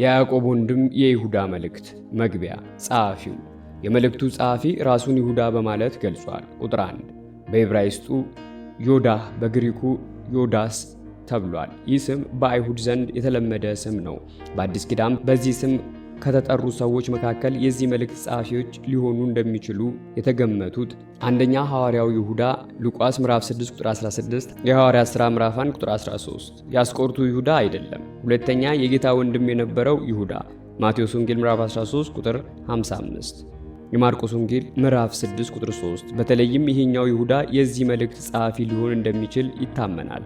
የያዕቆብ ወንድም የይሁዳ መልእክት መግቢያ ጸሐፊው የመልእክቱ ጸሐፊ ራሱን ይሁዳ በማለት ገልጿል። ቁጥር 1 በዕብራይስጡ ዮዳህ በግሪኩ ዮዳስ ተብሏል። ይህ ስም በአይሁድ ዘንድ የተለመደ ስም ነው። በአዲስ ኪዳም በዚህ ስም ከተጠሩ ሰዎች መካከል የዚህ መልእክት ጸሐፊዎች ሊሆኑ እንደሚችሉ የተገመቱት አንደኛ ሐዋርያው ይሁዳ ሉቃስ ምዕራፍ 6 ቁጥር 16፣ የሐዋርያ ሥራ ምዕራፍ 1 ቁጥር 13 የአስቆርቱ ይሁዳ አይደለም። ሁለተኛ የጌታ ወንድም የነበረው ይሁዳ ማቴዎስ ወንጌል ምዕራፍ 13 ቁጥር 55፣ የማርቆስ ወንጌል ምዕራፍ 6 ቁጥር 3። በተለይም ይሄኛው ይሁዳ የዚህ መልእክት ጸሐፊ ሊሆን እንደሚችል ይታመናል።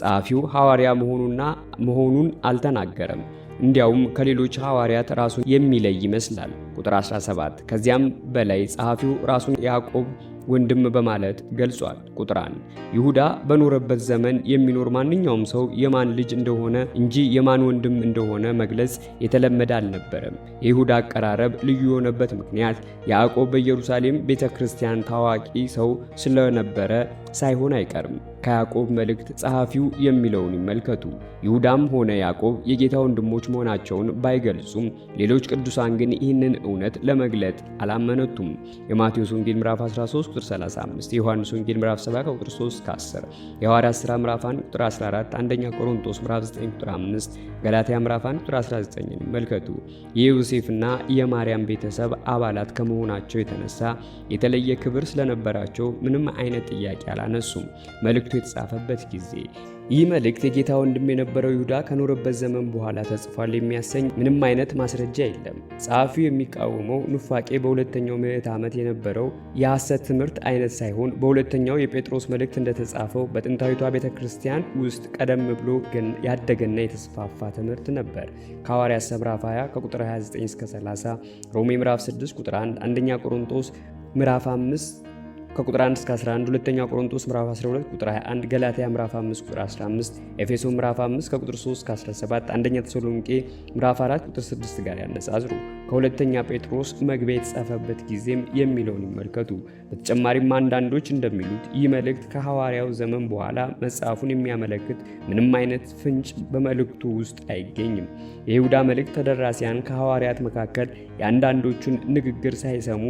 ጸሐፊው ሐዋርያ መሆኑና መሆኑን አልተናገረም። እንዲያውም ከሌሎች ሐዋርያት ራሱን የሚለይ ይመስላል። ቁጥር 17 ከዚያም በላይ ጸሐፊው ራሱን ያዕቆብ ወንድም በማለት ገልጿል። ቁጥር 1 ይሁዳ በኖረበት ዘመን የሚኖር ማንኛውም ሰው የማን ልጅ እንደሆነ እንጂ የማን ወንድም እንደሆነ መግለጽ የተለመደ አልነበረም። የይሁዳ አቀራረብ ልዩ የሆነበት ምክንያት ያዕቆብ በኢየሩሳሌም ቤተ ክርስቲያን ታዋቂ ሰው ስለነበረ ሳይሆን አይቀርም። ከያዕቆብ መልእክት ጸሐፊው የሚለውን ይመልከቱ። ይሁዳም ሆነ ያዕቆብ የጌታ ወንድሞች መሆናቸውን ባይገልጹም ሌሎች ቅዱሳን ግን ይህንን እውነት ለመግለጥ አላመነቱም። የማቴዎስ ወንጌል ምዕራፍ 13 ቁጥር 35፣ የዮሐንስ ወንጌል ምዕራፍ 7 ቁጥር 3 እስከ 10፣ የሐዋርያት ሥራ ምዕራፍ 1 ቁጥር 14፣ አንደኛ ቆሮንቶስ ምዕራፍ 9 ቁጥር 5፣ ገላትያ ምዕራፍ 1 ቁጥር 19 ይመልከቱ። የዮሴፍና የማርያም ቤተሰብ አባላት ከመሆናቸው የተነሳ የተለየ ክብር ስለነበራቸው ምንም አይነት ጥያቄ አላነሱም። መልእክቱ የተጻፈበት ጊዜ ይህ መልእክት የጌታ ወንድም የነበረው ይሁዳ ከኖረበት ዘመን በኋላ ተጽፏል የሚያሰኝ ምንም አይነት ማስረጃ የለም። ጸሐፊው የሚቃወመው ኑፋቄ በሁለተኛው ምዕት ዓመት የነበረው የሐሰት ትምህርት አይነት ሳይሆን በሁለተኛው የጴጥሮስ መልእክት እንደተጻፈው በጥንታዊቷ ቤተ ክርስቲያን ውስጥ ቀደም ብሎ ግን ያደገና የተስፋፋ ትምህርት ነበር። ከሐዋርያት ሥራ 20 ከቁጥር 29 እስከ 30፣ ሮሜ ምዕራፍ 6 ቁጥር 1፣ አንደኛ ቆሮንቶስ ምዕራፍ 5 ከቁጥር 1 እስከ 11፣ ሁለተኛ ቆሮንቶስ ምዕራፍ 12 ቁጥር 21፣ ገላትያ ምዕራፍ 5 ቁጥር 15፣ ኤፌሶ ምዕራፍ 5 ከቁጥር 3 እስከ 17፣ አንደኛ ተሰሎንቄ ምዕራፍ 4 ቁጥር 6 ጋር ያነጻጽሩ። ከሁለተኛ ጴጥሮስ መግቢያ የተጻፈበት ጊዜም የሚለውን ይመልከቱ። በተጨማሪም አንዳንዶች እንደሚሉት ይህ መልእክት ከሐዋርያው ዘመን በኋላ መጽሐፉን የሚያመለክት ምንም አይነት ፍንጭ በመልእክቱ ውስጥ አይገኝም። የይሁዳ መልእክት ተደራሲያን ከሐዋርያት መካከል የአንዳንዶቹን ንግግር ሳይሰሙ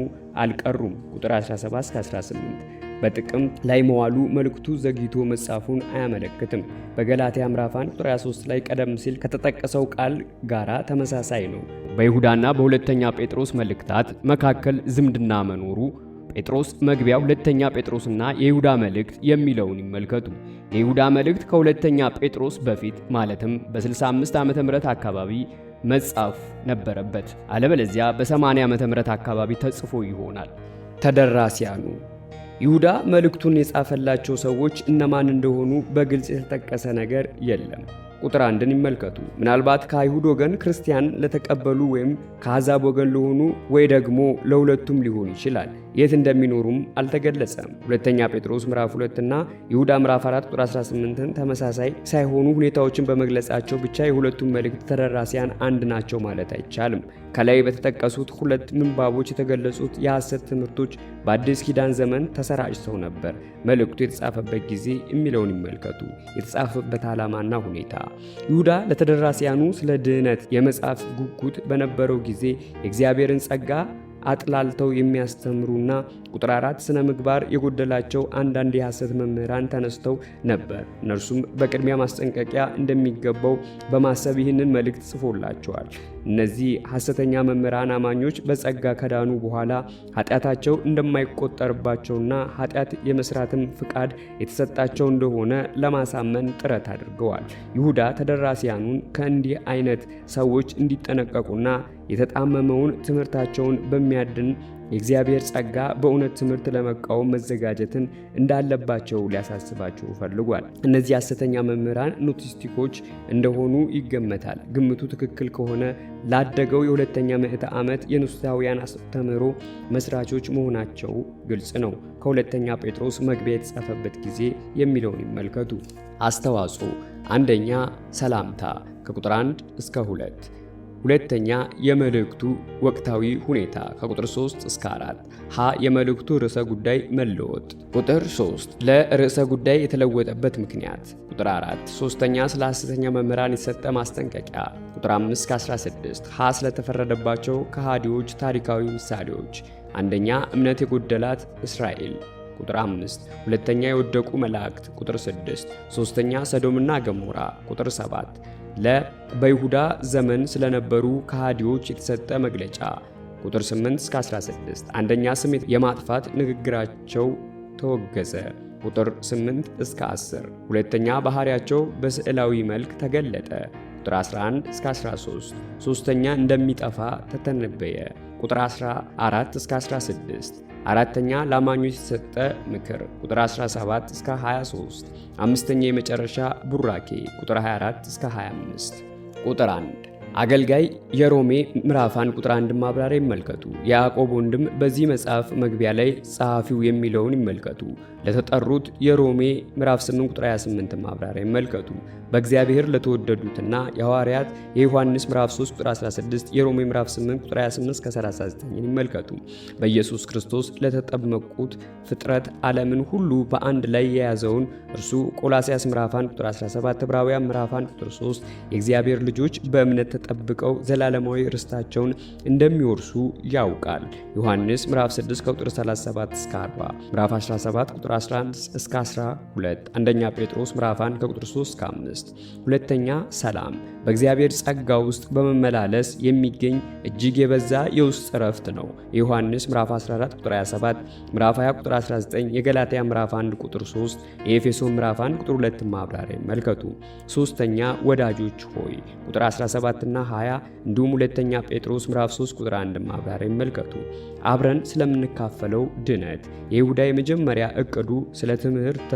አልቀሩም። ቁጥር 17-18 በጥቅም ላይ መዋሉ መልእክቱ ዘግይቶ መጻፉን አያመለክትም። በገላትያ ምዕራፍ 1 ቁጥር 23 ላይ ቀደም ሲል ከተጠቀሰው ቃል ጋራ ተመሳሳይ ነው። በይሁዳና በሁለተኛ ጴጥሮስ መልእክታት መካከል ዝምድና መኖሩ ጴጥሮስ መግቢያ ሁለተኛ ጴጥሮስና የይሁዳ መልእክት የሚለውን ይመልከቱ። የይሁዳ መልእክት ከሁለተኛ ጴጥሮስ በፊት ማለትም በ65 ዓ ም አካባቢ መጻፍ ነበረበት። አለበለዚያ በ80 ዓመተ ምህረት አካባቢ ተጽፎ ይሆናል። ተደራሲያኑ ይሁዳ መልእክቱን የጻፈላቸው ሰዎች እነማን እንደሆኑ በግልጽ የተጠቀሰ ነገር የለም። ቁጥር አንድን ይመልከቱ። ምናልባት ከአይሁድ ወገን ክርስቲያን ለተቀበሉ ወይም ከአሕዛብ ወገን ለሆኑ ወይ ደግሞ ለሁለቱም ሊሆን ይችላል። የት እንደሚኖሩም አልተገለጸም። ሁለተኛ ጴጥሮስ ምዕራፍ 2 እና ይሁዳ ምዕራፍ 4 ቁጥር 18ን ተመሳሳይ ሳይሆኑ ሁኔታዎችን በመግለጻቸው ብቻ የሁለቱም መልእክት ተደራሲያን አንድ ናቸው ማለት አይቻልም። ከላይ በተጠቀሱት ሁለት ምንባቦች የተገለጹት የሐሰት ትምህርቶች በአዲስ ኪዳን ዘመን ተሰራጭተው ነበር። መልእክቱ የተጻፈበት ጊዜ የሚለውን ይመልከቱ። የተጻፈበት ዓላማና ሁኔታ ይሁዳ ለተደራሲያኑ ስለ ድህነት የመጻፍ ጉጉት በነበረው ጊዜ የእግዚአብሔርን ጸጋ አጥላልተው የሚያስተምሩና ቁጥር አራት ስነ ምግባር የጎደላቸው አንዳንድ የሐሰት መምህራን ተነስተው ነበር። እነርሱም በቅድሚያ ማስጠንቀቂያ እንደሚገባው በማሰብ ይህንን መልእክት ጽፎላቸዋል። እነዚህ ሐሰተኛ መምህራን አማኞች በጸጋ ከዳኑ በኋላ ኃጢአታቸው እንደማይቆጠርባቸውና ኃጢአት የመስራትም ፍቃድ የተሰጣቸው እንደሆነ ለማሳመን ጥረት አድርገዋል። ይሁዳ ተደራሲያኑን ከእንዲህ አይነት ሰዎች እንዲጠነቀቁና የተጣመመውን ትምህርታቸውን በሚያድን የእግዚአብሔር ጸጋ በእውነት ትምህርት ለመቃወም መዘጋጀትን እንዳለባቸው ሊያሳስባቸው ፈልጓል። እነዚህ ሐሰተኛ መምህራን ኖቲስቲኮች እንደሆኑ ይገመታል። ግምቱ ትክክል ከሆነ ላደገው የሁለተኛ ምዕተ ዓመት የንስሐውያን አስተምህሮ መስራቾች መሆናቸው ግልጽ ነው። ከሁለተኛ ጴጥሮስ መግቢያ የተጻፈበት ጊዜ የሚለውን ይመልከቱ። አስተዋጽኦ አንደኛ ሰላምታ ከቁጥር 1 እስከ 2 ሁለተኛ የመልእክቱ ወቅታዊ ሁኔታ ከቁጥር 3 እስከ 4 ሀ የመልእክቱ ርዕሰ ጉዳይ መለወጥ ቁጥር 3 ለርዕሰ ጉዳይ የተለወጠበት ምክንያት ቁጥር 4 ሶስተኛ ስለ ሐሰተኛ መምህራን የሰጠ ማስጠንቀቂያ ቁጥር 5 ከ16 ሀ ስለተፈረደባቸው ከሃዲዎች ታሪካዊ ምሳሌዎች አንደኛ እምነት የጎደላት እስራኤል ቁጥር 5 ሁለተኛ የወደቁ መላእክት ቁጥር 6 ሶስተኛ ሰዶምና ገሞራ ቁጥር 7 ለ በይሁዳ ዘመን ስለነበሩ ከሃዲዎች የተሰጠ መግለጫ ቁጥር 8 እስከ 16 አንደኛ ስም የማጥፋት ንግግራቸው ተወገዘ። ቁጥር 8 እስከ 10 ሁለተኛ ባህሪያቸው በስዕላዊ መልክ ተገለጠ። ቁጥር 11 እስከ 13 ሦስተኛ እንደሚጠፋ ተተነበየ። ቁጥር 14 እስከ 16 አራተኛ ላማኞች የተሰጠ ምክር ቁጥር 17 እስከ 23 አምስተኛ የመጨረሻ ቡራኬ ቁጥር 24 እስከ 25 ቁጥር 1 አገልጋይ የሮሜ ምዕራፍ አንድ ቁጥር 1 ማብራሪያ ይመልከቱ። የያዕቆብ ወንድም በዚህ መጽሐፍ መግቢያ ላይ ጸሐፊው የሚለውን ይመልከቱ። ለተጠሩት የሮሜ ምዕራፍ 8 ቁጥር 28 ማብራሪያ ይመልከቱ። በእግዚአብሔር ለተወደዱትና የሐዋርያት የዮሐንስ ምዕራፍ 3 ቁጥር 16፣ የሮሜ ምዕራፍ 8 ቁጥር 28 እስከ 39 ይመልከቱ። በኢየሱስ ክርስቶስ ለተጠመቁት ፍጥረት ዓለምን ሁሉ በአንድ ላይ የያዘውን እርሱ ቆላስያስ ምዕራፍ 1 ቁጥር 17፣ ዕብራውያን ምዕራፍ 1 ቁጥር 3 የእግዚአብሔር ልጆች በእምነት ጠብቀው ዘላለማዊ ርስታቸውን እንደሚወርሱ ያውቃል። ዮሐንስ ምዕራፍ 6 ቁጥር 37 እስከ 40፣ ምዕራፍ 17 ቁጥር 11 እስከ 12፣ አንደኛ ጴጥሮስ ምዕራፍ 1 ከቁጥር 3 እስከ 5። ሁለተኛ ሰላም በእግዚአብሔር ጸጋ ውስጥ በመመላለስ የሚገኝ እጅግ የበዛ የውስጥ እረፍት ነው። የዮሐንስ ምዕራፍ 14 ቁጥር 27፣ ምዕራፍ 20 ቁጥር 19፣ የገላትያ ምዕራፍ 1 ቁጥር 3፣ የኤፌሶን ምዕራፍ 1 ቁጥር 2 ማብራሪያ መልከቱ። ሶስተኛ ወዳጆች ሆይ ቁጥር 17 19 20 እንዲሁም ሁለተኛ ጴጥሮስ ምዕራፍ 3 ቁጥር 1 ማብራሪያ ይመልከቱ። አብረን ስለምንካፈለው ድነት የይሁዳ የመጀመሪያ እቅዱ ስለ ትምህርተ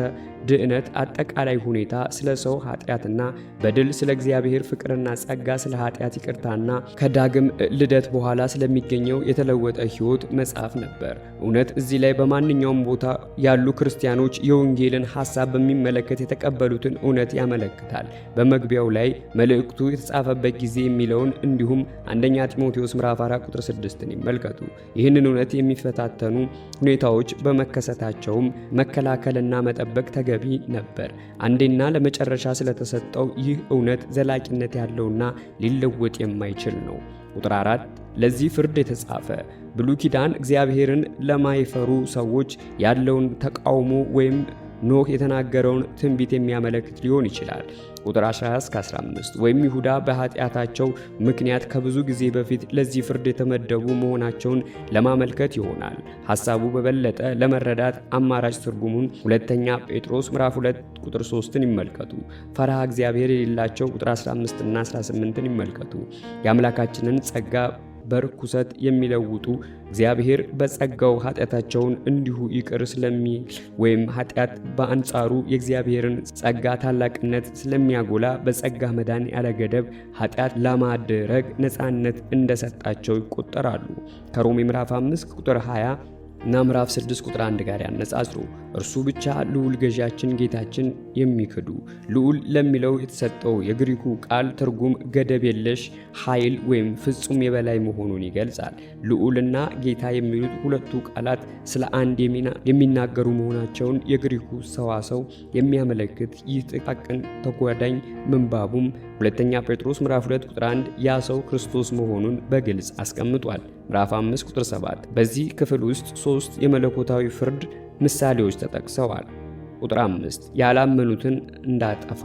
ድህነት አጠቃላይ ሁኔታ፣ ስለ ሰው ኃጢአትና በድል ስለ እግዚአብሔር ፍቅርና ጸጋ፣ ስለ ኃጢአት ይቅርታና ከዳግም ልደት በኋላ ስለሚገኘው የተለወጠ ሕይወት መጽሐፍ ነበር። እውነት እዚህ ላይ በማንኛውም ቦታ ያሉ ክርስቲያኖች የወንጌልን ሐሳብ በሚመለከት የተቀበሉትን እውነት ያመለክታል። በመግቢያው ላይ መልእክቱ የተጻፈበት ጊዜ የሚለውን እንዲሁም አንደኛ ጢሞቴዎስ ምዕራፍ 4 ቁጥር 6 ይመልከቱ። ይህንን እውነት የሚፈታተኑ ሁኔታዎች በመከሰታቸውም መከላከልና መጠበቅ ተገ ተገቢ ነበር። አንዴና ለመጨረሻ ስለተሰጠው ይህ እውነት ዘላቂነት ያለውና ሊለወጥ የማይችል ነው። ቁጥር አራት ለዚህ ፍርድ የተጻፈ ብሉይ ኪዳን እግዚአብሔርን ለማይፈሩ ሰዎች ያለውን ተቃውሞ ወይም ኖህ የተናገረውን ትንቢት የሚያመለክት ሊሆን ይችላል። ቁጥር 12-15 ወይም ይሁዳ በኃጢአታቸው ምክንያት ከብዙ ጊዜ በፊት ለዚህ ፍርድ የተመደቡ መሆናቸውን ለማመልከት ይሆናል። ሐሳቡ በበለጠ ለመረዳት አማራጭ ትርጉሙን ሁለተኛ ጴጥሮስ ምዕራፍ 2 ቁጥር 3ን ይመልከቱ። ፈርሃ እግዚአብሔር የሌላቸው ቁጥር 15ና 18ን ይመልከቱ። የአምላካችንን ጸጋ በርኩሰት የሚለውጡ እግዚአብሔር በጸጋው ኃጢአታቸውን እንዲሁ ይቅር ስለሚል ወይም ኃጢአት በአንጻሩ የእግዚአብሔርን ጸጋ ታላቅነት ስለሚያጎላ በጸጋ መዳን ያለገደብ ኃጢአት ለማድረግ ነፃነት እንደሰጣቸው ይቆጠራሉ። ከሮሜ ምዕራፍ 5 ቁጥር 20 እና ምዕራፍ 6 ቁጥር 1 ጋር ያነጻጽሩ። እርሱ ብቻ ልዑል ገዣችን ጌታችን የሚክዱ ልዑል ለሚለው የተሰጠው የግሪኩ ቃል ትርጉም ገደብ የለሽ ኃይል ወይም ፍጹም የበላይ መሆኑን ይገልጻል። ልዑልና ጌታ የሚሉት ሁለቱ ቃላት ስለ አንድ የሚናገሩ መሆናቸውን የግሪኩ ሰዋሰው የሚያመለክት ይህ ጥቃቅን ተጓዳኝ ምንባቡም ሁለተኛ ጴጥሮስ ምዕራፍ 2 ቁጥር 1 ያ ሰው ክርስቶስ መሆኑን በግልጽ አስቀምጧል። ምዕራፍ 5 ቁጥር 7። በዚህ ክፍል ውስጥ ሶስት የመለኮታዊ ፍርድ ምሳሌዎች ተጠቅሰዋል። ቁጥር 5 ያላመኑትን እንዳጠፋ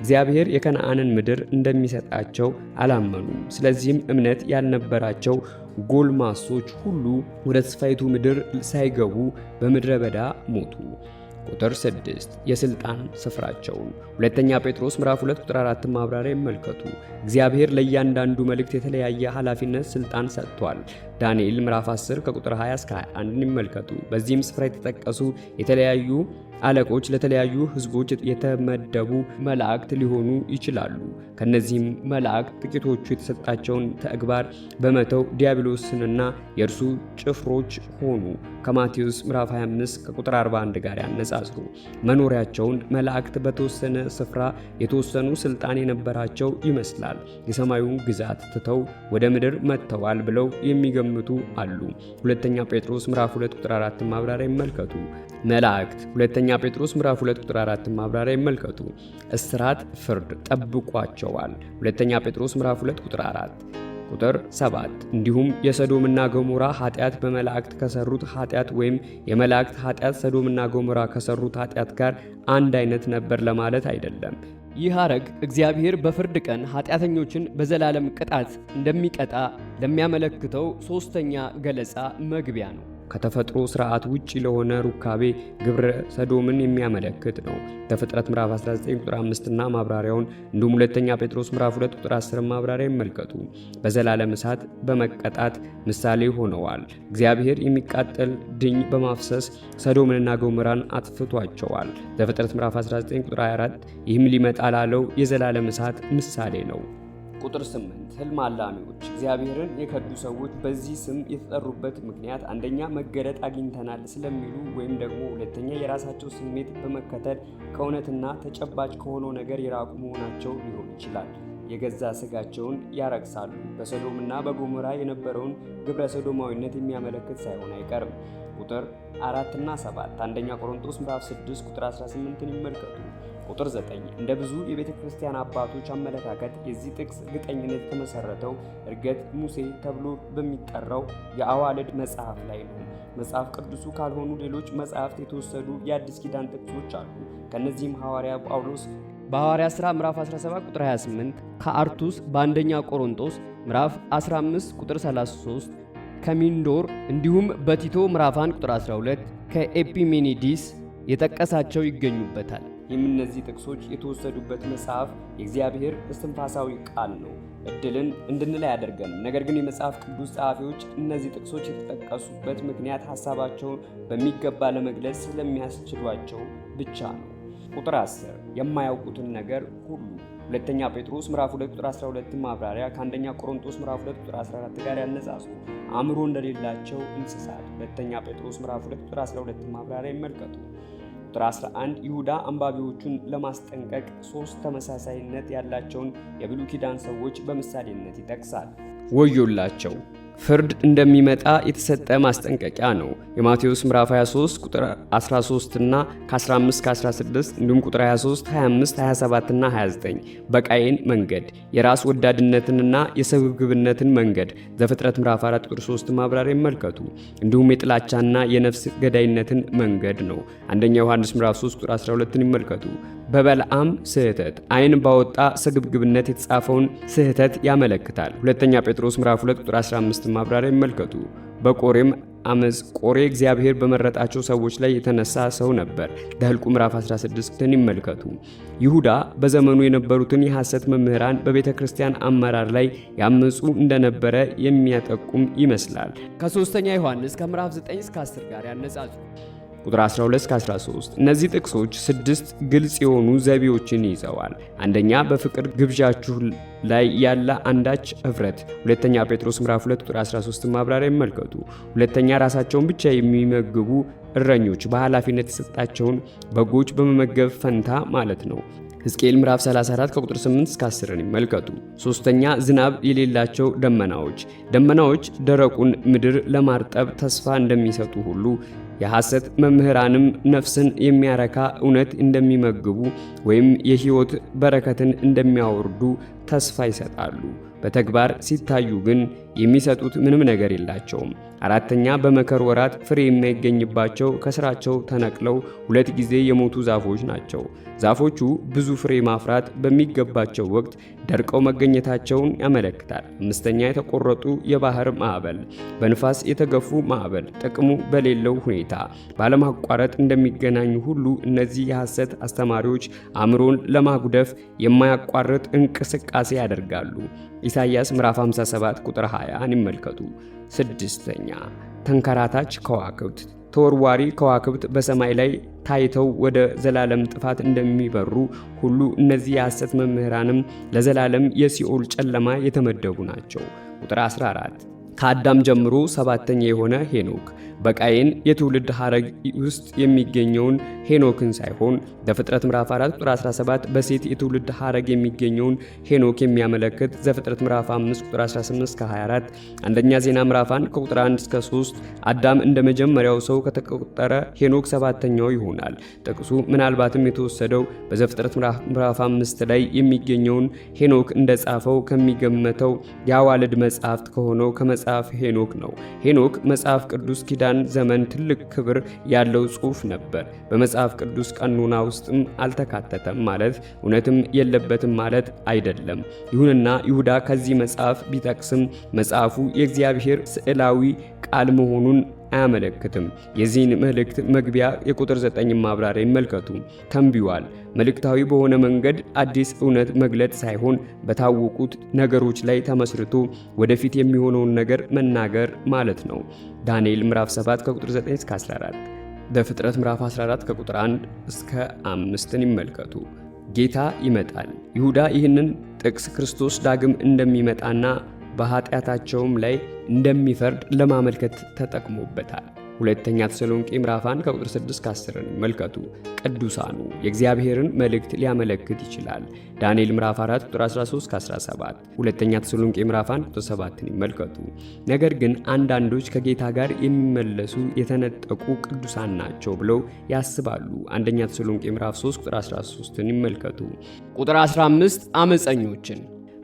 እግዚአብሔር የከነዓንን ምድር እንደሚሰጣቸው አላመኑም። ስለዚህም እምነት ያልነበራቸው ጎልማሶች ሁሉ ወደ ተስፋይቱ ምድር ሳይገቡ በምድረ በዳ ሞቱ። ቁጥር 6 የስልጣን ስፍራቸውን ሁለተኛ ጴጥሮስ ምዕራፍ 2 ቁጥር 4 ማብራሪያ ይመልከቱ። እግዚአብሔር ለእያንዳንዱ መልእክት የተለያየ ኃላፊነት ስልጣን ሰጥቷል። ዳንኤል ምዕራፍ 10 ከቁጥር 20 እስከ 21 ይመልከቱ። በዚህም ስፍራ የተጠቀሱ የተለያዩ አለቆች ለተለያዩ ህዝቦች የተመደቡ መላእክት ሊሆኑ ይችላሉ። ከነዚህም መላእክት ጥቂቶቹ የተሰጣቸውን ተግባር በመተው ዲያብሎስንና የእርሱ ጭፍሮች ሆኑ። ከማቴዎስ ምዕራፍ 25 ከቁጥር 41 ጋር ያነጻጽሩ። መኖሪያቸውን መላእክት በተወሰነ ስፍራ የተወሰኑ ስልጣን የነበራቸው ይመስላል። የሰማዩን ግዛት ትተው ወደ ምድር መጥተዋል ብለው የሚገ የሚገምቱ አሉ። ሁለተኛ ጴጥሮስ ምዕራፍ 2 ቁጥር 4 ማብራሪያ ይመልከቱ። መላእክት ሁለተኛ ጴጥሮስ ምዕራፍ 2 ቁጥር 4 ማብራሪያ ይመልከቱ። እስራት ፍርድ ጠብቋቸዋል። ሁለተኛ ጴጥሮስ ምዕራፍ 2 ቁጥር 4 ቁጥር 7 እንዲሁም የሰዶምና ገሞራ ኃጢአት በመላእክት ከሰሩት ኃጢአት ወይም የመላእክት ኃጢአት ሰዶምና ገሞራ ከሰሩት ኃጢአት ጋር አንድ አይነት ነበር ለማለት አይደለም። ይህ ሐረግ እግዚአብሔር በፍርድ ቀን ኃጢአተኞችን በዘላለም ቅጣት እንደሚቀጣ ለሚያመለክተው ሦስተኛ ገለጻ መግቢያ ነው። ከተፈጥሮ ስርዓት ውጪ ለሆነ ሩካቤ ግብረ ሰዶምን የሚያመለክት ነው። ዘፍጥረት ምዕራፍ 19 ቁጥር 5 እና ማብራሪያውን እንዲሁም ሁለተኛ ጴጥሮስ ምዕራፍ 2 ቁጥር 10 ማብራሪያ ይመልከቱ። በዘላለም እሳት በመቀጣት ምሳሌ ሆነዋል። እግዚአብሔር የሚቃጠል ድኝ በማፍሰስ ሰዶምንና ገሞራን አጥፍቷቸዋል። ዘፍጥረት ምዕራፍ 19 ቁጥር 24 ይህም ሊመጣ ላለው የዘላለም እሳት ምሳሌ ነው። ቁጥር 8 ህልም አላሚዎች እግዚአብሔርን የከዱ ሰዎች በዚህ ስም የተጠሩበት ምክንያት አንደኛ መገለጥ አግኝተናል ስለሚሉ ወይም ደግሞ ሁለተኛ የራሳቸው ስሜት በመከተል ከእውነትና ተጨባጭ ከሆነው ነገር የራቁ መሆናቸው ሊሆን ይችላል። የገዛ ስጋቸውን ያረክሳሉ። በሰዶምና በጎሞራ የነበረውን ግብረ ሰዶማዊነት የሚያመለክት ሳይሆን አይቀርም። ቁጥር 4 እና 7 አንደኛ ቆሮንቶስ ምዕራፍ 6 ቁጥር 18ን ይመልከቱ። ቁጥር 9 እንደ ብዙ የቤተ ክርስቲያን አባቶች አመለካከት የዚህ ጥቅስ እርግጠኝነት የተመሰረተው እርገት ሙሴ ተብሎ በሚጠራው የአዋልድ መጽሐፍ ላይ ነው። መጽሐፍ ቅዱሱ ካልሆኑ ሌሎች መጽሐፍት የተወሰዱ የአዲስ ኪዳን ጥቅሶች አሉ። ከእነዚህም ሐዋርያ ጳውሎስ በሐዋርያ ሥራ ምዕራፍ 17 ቁጥር 28 ከአርቱስ በአንደኛ ቆሮንጦስ ምዕራፍ 15 ቁጥር 33 ከሚንዶር እንዲሁም በቲቶ ምዕራፍ 1 ቁጥር 12 ከኤፒሜኒዲስ የጠቀሳቸው ይገኙበታል። ይህም እነዚህ ጥቅሶች የተወሰዱበት መጽሐፍ የእግዚአብሔር እስትንፋሳዊ ቃል ነው እድልን እንድንላ ያደርገን። ነገር ግን የመጽሐፍ ቅዱስ ጸሐፊዎች እነዚህ ጥቅሶች የተጠቀሱበት ምክንያት ሐሳባቸውን በሚገባ ለመግለጽ ስለሚያስችሏቸው ብቻ ነው። ቁጥር 10 የማያውቁትን ነገር ሁሉ ሁለተኛ ጴጥሮስ ምዕራፍ 2 ቁጥር 12 ማብራሪያ ከአንደኛ ቆሮንቶስ ምዕራፍ 2 ቁጥር 14 ጋር ያነጻጽሩ። አእምሮ እንደሌላቸው እንስሳት ሁለተኛ ጴጥሮስ ምዕራፍ 2 ቁጥር 12 ማብራሪያ ይመልከቱ። ቁጥር 11 ይሁዳ አንባቢዎቹን ለማስጠንቀቅ ሶስት ተመሳሳይነት ያላቸውን የብሉይ ኪዳን ሰዎች በምሳሌነት ይጠቅሳል። ወዮላቸው ፍርድ እንደሚመጣ የተሰጠ ማስጠንቀቂያ ነው። የማቴዎስ ምዕራፍ 23 ቁጥር 13 እና ከ15 ከ16 እንዲሁም ቁጥር 23፣ 25፣ 27 እና 29 በቃይን መንገድ የራስ ወዳድነትንና የሰብግብነትን መንገድ ዘፍጥረት ምዕራፍ 4 ቁጥር 3 ማብራሪያ ይመልከቱ። እንዲሁም የጥላቻና የነፍስ ገዳይነትን መንገድ ነው። አንደኛ ዮሐንስ ምዕራፍ 3 ቁጥር 12ን ይመልከቱ። በበልአም ስህተት ዓይን ባወጣ ስግብግብነት የተጻፈውን ስህተት ያመለክታል። ሁለተኛ ጴጥሮስ ምዕራፍ 2 ቁጥር 15 ማብራሪያ ይመልከቱ። በቆሬም አመፅ ቆሬ እግዚአብሔር በመረጣቸው ሰዎች ላይ የተነሳ ሰው ነበር። ዘኍልቍ ምዕራፍ 16ን ይመልከቱ። ይሁዳ በዘመኑ የነበሩትን የሐሰት መምህራን በቤተ ክርስቲያን አመራር ላይ ያመፁ እንደነበረ የሚያጠቁም ይመስላል። ከሶስተኛ ዮሐንስ ከምዕራፍ 9 እስከ 10 ጋር ያነጻጽሩ። ቁጥር 12 እስከ 13። እነዚህ ጥቅሶች ስድስት ግልጽ የሆኑ ዘይቤዎችን ይዘዋል። አንደኛ በፍቅር ግብዣችሁ ላይ ያለ አንዳች እፍረት፣ ሁለተኛ ጴጥሮስ ምዕራፍ 2 ቁጥር 13 ማብራሪያ ይመልከቱ። ሁለተኛ ራሳቸውን ብቻ የሚመግቡ እረኞች በኃላፊነት የሰጣቸውን በጎች በመመገብ ፈንታ ማለት ነው። ሕዝቅኤል ምዕራፍ 34 ከቁጥር 8 እስከ 10ን ይመልከቱ። ሶስተኛ ዝናብ የሌላቸው ደመናዎች። ደመናዎች ደረቁን ምድር ለማርጠብ ተስፋ እንደሚሰጡ ሁሉ የሐሰት መምህራንም ነፍስን የሚያረካ እውነት እንደሚመግቡ ወይም የሕይወት በረከትን እንደሚያወርዱ ተስፋ ይሰጣሉ። በተግባር ሲታዩ ግን የሚሰጡት ምንም ነገር የላቸውም። አራተኛ በመከር ወራት ፍሬ የማይገኝባቸው ከስራቸው ተነቅለው ሁለት ጊዜ የሞቱ ዛፎች ናቸው። ዛፎቹ ብዙ ፍሬ ማፍራት በሚገባቸው ወቅት ደርቀው መገኘታቸውን ያመለክታል። አምስተኛ የተቆረጡ የባህር ማዕበል፣ በንፋስ የተገፉ ማዕበል ጥቅሙ በሌለው ሁኔታ ባለማቋረጥ እንደሚገናኙ ሁሉ እነዚህ የሐሰት አስተማሪዎች አእምሮን ለማጉደፍ የማያቋርጥ እንቅስቃሴ እንቅስቃሴ ያደርጋሉ። ኢሳይያስ ምዕራፍ 57 ቁጥር 20 ይመልከቱ። ስድስተኛ ተንከራታች ከዋክብት ተወርዋሪ ከዋክብት በሰማይ ላይ ታይተው ወደ ዘላለም ጥፋት እንደሚበሩ ሁሉ እነዚህ የሐሰት መምህራንም ለዘላለም የሲኦል ጨለማ የተመደቡ ናቸው። ቁጥር 14 ከአዳም ጀምሮ ሰባተኛ የሆነ ሄኖክ በቃየን የትውልድ ሐረግ ውስጥ የሚገኘውን ሄኖክን ሳይሆን ዘፍጥረት ምዕራፍ 4 ቁጥር 17 በሴት የትውልድ ሐረግ የሚገኘውን ሄኖክ የሚያመለክት ዘፍጥረት ምዕራፍ 5 ቁጥር 18 24 አንደኛ ዜና ምዕራፍ 1 ከቁጥር 1 እስከ 3 አዳም እንደ መጀመሪያው ሰው ከተቆጠረ ሄኖክ ሰባተኛው ይሆናል። ጥቅሱ ምናልባትም የተወሰደው በዘፍጥረት ምዕራፍ 5 ላይ የሚገኘውን ሄኖክ እንደጻፈው ከሚገመተው የአዋልድ መጽሐፍት ከሆነው ከመጽሐፍ ሄኖክ ነው። ሄኖክ መጽሐፍ ቅዱስ ኪዳ ኪዳን ዘመን ትልቅ ክብር ያለው ጽሑፍ ነበር። በመጽሐፍ ቅዱስ ቀኖና ውስጥም አልተካተተም ማለት እውነትም የለበትም ማለት አይደለም። ይሁንና ይሁዳ ከዚህ መጽሐፍ ቢጠቅስም መጽሐፉ የእግዚአብሔር ስዕላዊ ቃል መሆኑን አያመለክትም። የዚህን መልእክት መግቢያ የቁጥር 9 ማብራሪያ ይመልከቱ። ተንቢዋል መልእክታዊ በሆነ መንገድ አዲስ እውነት መግለጥ ሳይሆን በታወቁት ነገሮች ላይ ተመስርቶ ወደፊት የሚሆነውን ነገር መናገር ማለት ነው። ዳንኤል ምዕራፍ 7 ከቁጥር 9 እስከ 14፣ በፍጥረት ምዕራፍ 14 ከቁጥር 1 እስከ 5ን ይመልከቱ። ጌታ ይመጣል። ይሁዳ ይህንን ጥቅስ ክርስቶስ ዳግም እንደሚመጣና በኃጢአታቸውም ላይ እንደሚፈርድ ለማመልከት ተጠቅሞበታል። ሁለተኛ ተሰሎንቄ ምዕራፋን ከቁጥር 6 10ን ይመልከቱ። ቅዱሳኑ የእግዚአብሔርን መልእክት ሊያመለክት ይችላል። ዳንኤል ምዕራፍ 4 ቁጥር 13 17፣ ሁለተኛ ተሰሎንቄ ምዕራፋን ቁጥር 7ን ይመልከቱ። ነገር ግን አንዳንዶች ከጌታ ጋር የሚመለሱ የተነጠቁ ቅዱሳን ናቸው ብለው ያስባሉ። አንደኛ ተሰሎንቄ ምዕራፍ 3 ቁጥር 13ን ይመልከቱ። ቁጥር 15 አመፀኞችን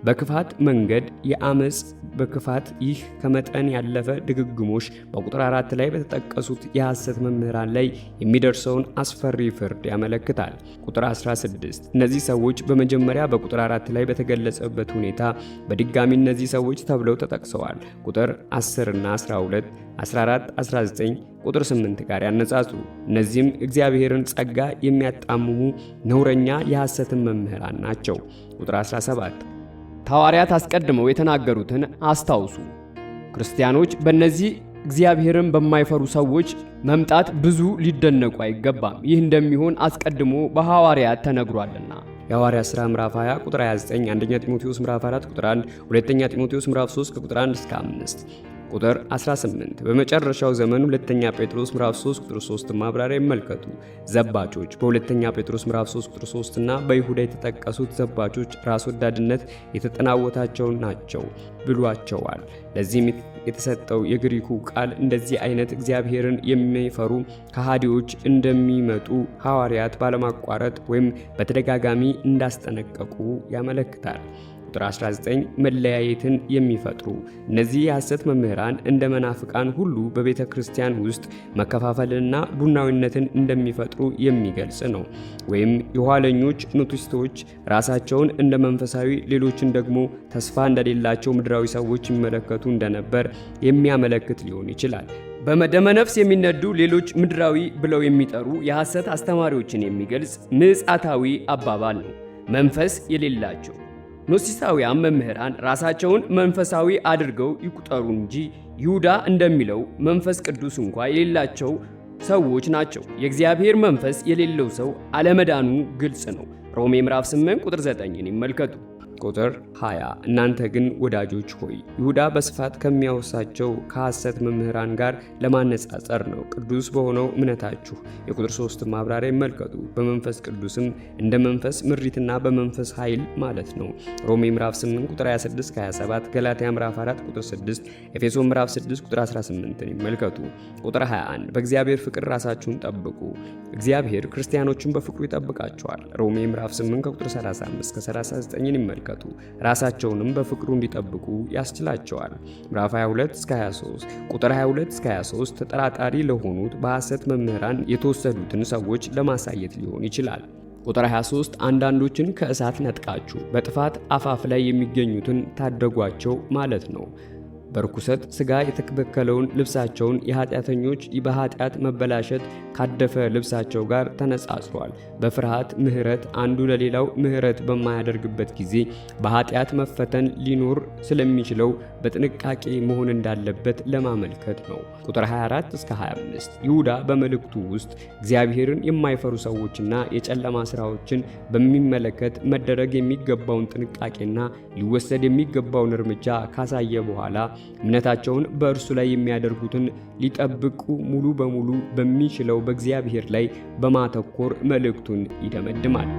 በክፋት መንገድ የአመፅ በክፋት ይህ ከመጠን ያለፈ ድግግሞሽ በቁጥር አራት ላይ በተጠቀሱት የሐሰት መምህራን ላይ የሚደርሰውን አስፈሪ ፍርድ ያመለክታል። ቁጥር 16 እነዚህ ሰዎች በመጀመሪያ በቁጥር አራት ላይ በተገለጸበት ሁኔታ በድጋሚ እነዚህ ሰዎች ተብለው ተጠቅሰዋል። ቁጥር 10 እና 12 14 19 ቁጥር 8 ጋር ያነጻጹ። እነዚህም እግዚአብሔርን ጸጋ የሚያጣምሙ ነውረኛ የሐሰትን መምህራን ናቸው። ቁጥር 17 ሐዋርያት አስቀድመው የተናገሩትን አስታውሱ። ክርስቲያኖች በእነዚህ እግዚአብሔርን በማይፈሩ ሰዎች መምጣት ብዙ ሊደነቁ አይገባም። ይህ እንደሚሆን አስቀድሞ በሐዋርያት ተነግሯልና። የሐዋርያ ሥራ ምዕራፍ 20 ቁጥር 29፣ አንደኛ ጢሞቴዎስ ምዕራፍ 4 ቁጥር 1፣ ሁለተኛ ጢሞቴዎስ ምዕራፍ 3 ከቁጥር 1 እስከ 5 ቁጥር 18 በመጨረሻው ዘመን ሁለተኛ ጴጥሮስ ምዕራፍ 3 ቁጥር 3 ማብራሪያ ይመልከቱ። ዘባቾች በሁለተኛ ጴጥሮስ ምዕራፍ 3 ቁጥር 3 እና በይሁዳ የተጠቀሱት ዘባቾች ራስ ወዳድነት የተጠናወታቸው ናቸው ብሏቸዋል። ለዚህም የተሰጠው የግሪኩ ቃል እንደዚህ አይነት እግዚአብሔርን የሚፈሩ ከሃዲዎች እንደሚመጡ ሐዋርያት ባለማቋረጥ ወይም በተደጋጋሚ እንዳስጠነቀቁ ያመለክታል። ቁጥር 19 መለያየትን የሚፈጥሩ እነዚህ የሐሰት መምህራን እንደ መናፍቃን ሁሉ በቤተ ክርስቲያን ውስጥ መከፋፈልንና ቡናዊነትን እንደሚፈጥሩ የሚገልጽ ነው። ወይም የኋለኞች ኖቲስቶች ራሳቸውን እንደ መንፈሳዊ፣ ሌሎችን ደግሞ ተስፋ እንደሌላቸው ምድራዊ ሰዎች ይመለከቱ እንደነበር የሚያመለክት ሊሆን ይችላል። በመደመነፍስ የሚነዱ ሌሎች ምድራዊ ብለው የሚጠሩ የሐሰት አስተማሪዎችን የሚገልጽ ምጽአታዊ አባባል ነው። መንፈስ የሌላቸው ኖሲሳውያን መምህራን ራሳቸውን መንፈሳዊ አድርገው ይቁጠሩ እንጂ ይሁዳ እንደሚለው መንፈስ ቅዱስ እንኳ የሌላቸው ሰዎች ናቸው። የእግዚአብሔር መንፈስ የሌለው ሰው አለመዳኑ ግልጽ ነው። ሮሜ ምዕራፍ 8 ቁጥር 9ን ይመልከቱ። ቁጥር 20 እናንተ ግን ወዳጆች ሆይ ይሁዳ በስፋት ከሚያወሳቸው ከሐሰት መምህራን ጋር ለማነጻጸር ነው። ቅዱስ በሆነው እምነታችሁ የቁጥር 3 ማብራሪያ ይመልከቱ። በመንፈስ ቅዱስም እንደ መንፈስ ምሪትና በመንፈስ ኃይል ማለት ነው። ሮሜ ምዕራፍ 8 ቁጥር 26 27፣ ገላትያ ምዕራፍ 4 ቁጥር 6፣ ኤፌሶን ምዕራፍ 6 ቁጥር 18 ይመልከቱ። ቁጥር 21 በእግዚአብሔር ፍቅር ራሳችሁን ጠብቁ፣ እግዚአብሔር ክርስቲያኖችን በፍቅሩ ይጠብቃቸዋል። ሮሜ ምዕራፍ 8 ቁጥር 35 እስከ 39 ይመልከቱ። እንዲመለከቱ ራሳቸውንም በፍቅሩ እንዲጠብቁ ያስችላቸዋል። ምዕራፍ 22 እስከ 23 ቁጥር 22 እስከ 23 ተጠራጣሪ ለሆኑት በሐሰት መምህራን የተወሰዱትን ሰዎች ለማሳየት ሊሆን ይችላል። ቁጥር 23 አንዳንዶችን ከእሳት ነጥቃችሁ በጥፋት አፋፍ ላይ የሚገኙትን ታደጓቸው ማለት ነው። በርኩሰት ሥጋ የተከበከለውን ልብሳቸውን የኃጢአተኞች በኃጢአት መበላሸት ካደፈ ልብሳቸው ጋር ተነጻጽሯል። በፍርሃት ምሕረት አንዱ ለሌላው ምሕረት በማያደርግበት ጊዜ በኃጢአት መፈተን ሊኖር ስለሚችለው በጥንቃቄ መሆን እንዳለበት ለማመልከት ነው። ቁጥር 24 እስከ 25 ይሁዳ በመልእክቱ ውስጥ እግዚአብሔርን የማይፈሩ ሰዎችና የጨለማ ሥራዎችን በሚመለከት መደረግ የሚገባውን ጥንቃቄና ሊወሰድ የሚገባውን እርምጃ ካሳየ በኋላ እምነታቸውን በእርሱ ላይ የሚያደርጉትን ሊጠብቁ ሙሉ በሙሉ በሚችለው በእግዚአብሔር ላይ በማተኮር መልእክቱን ይደመድማል።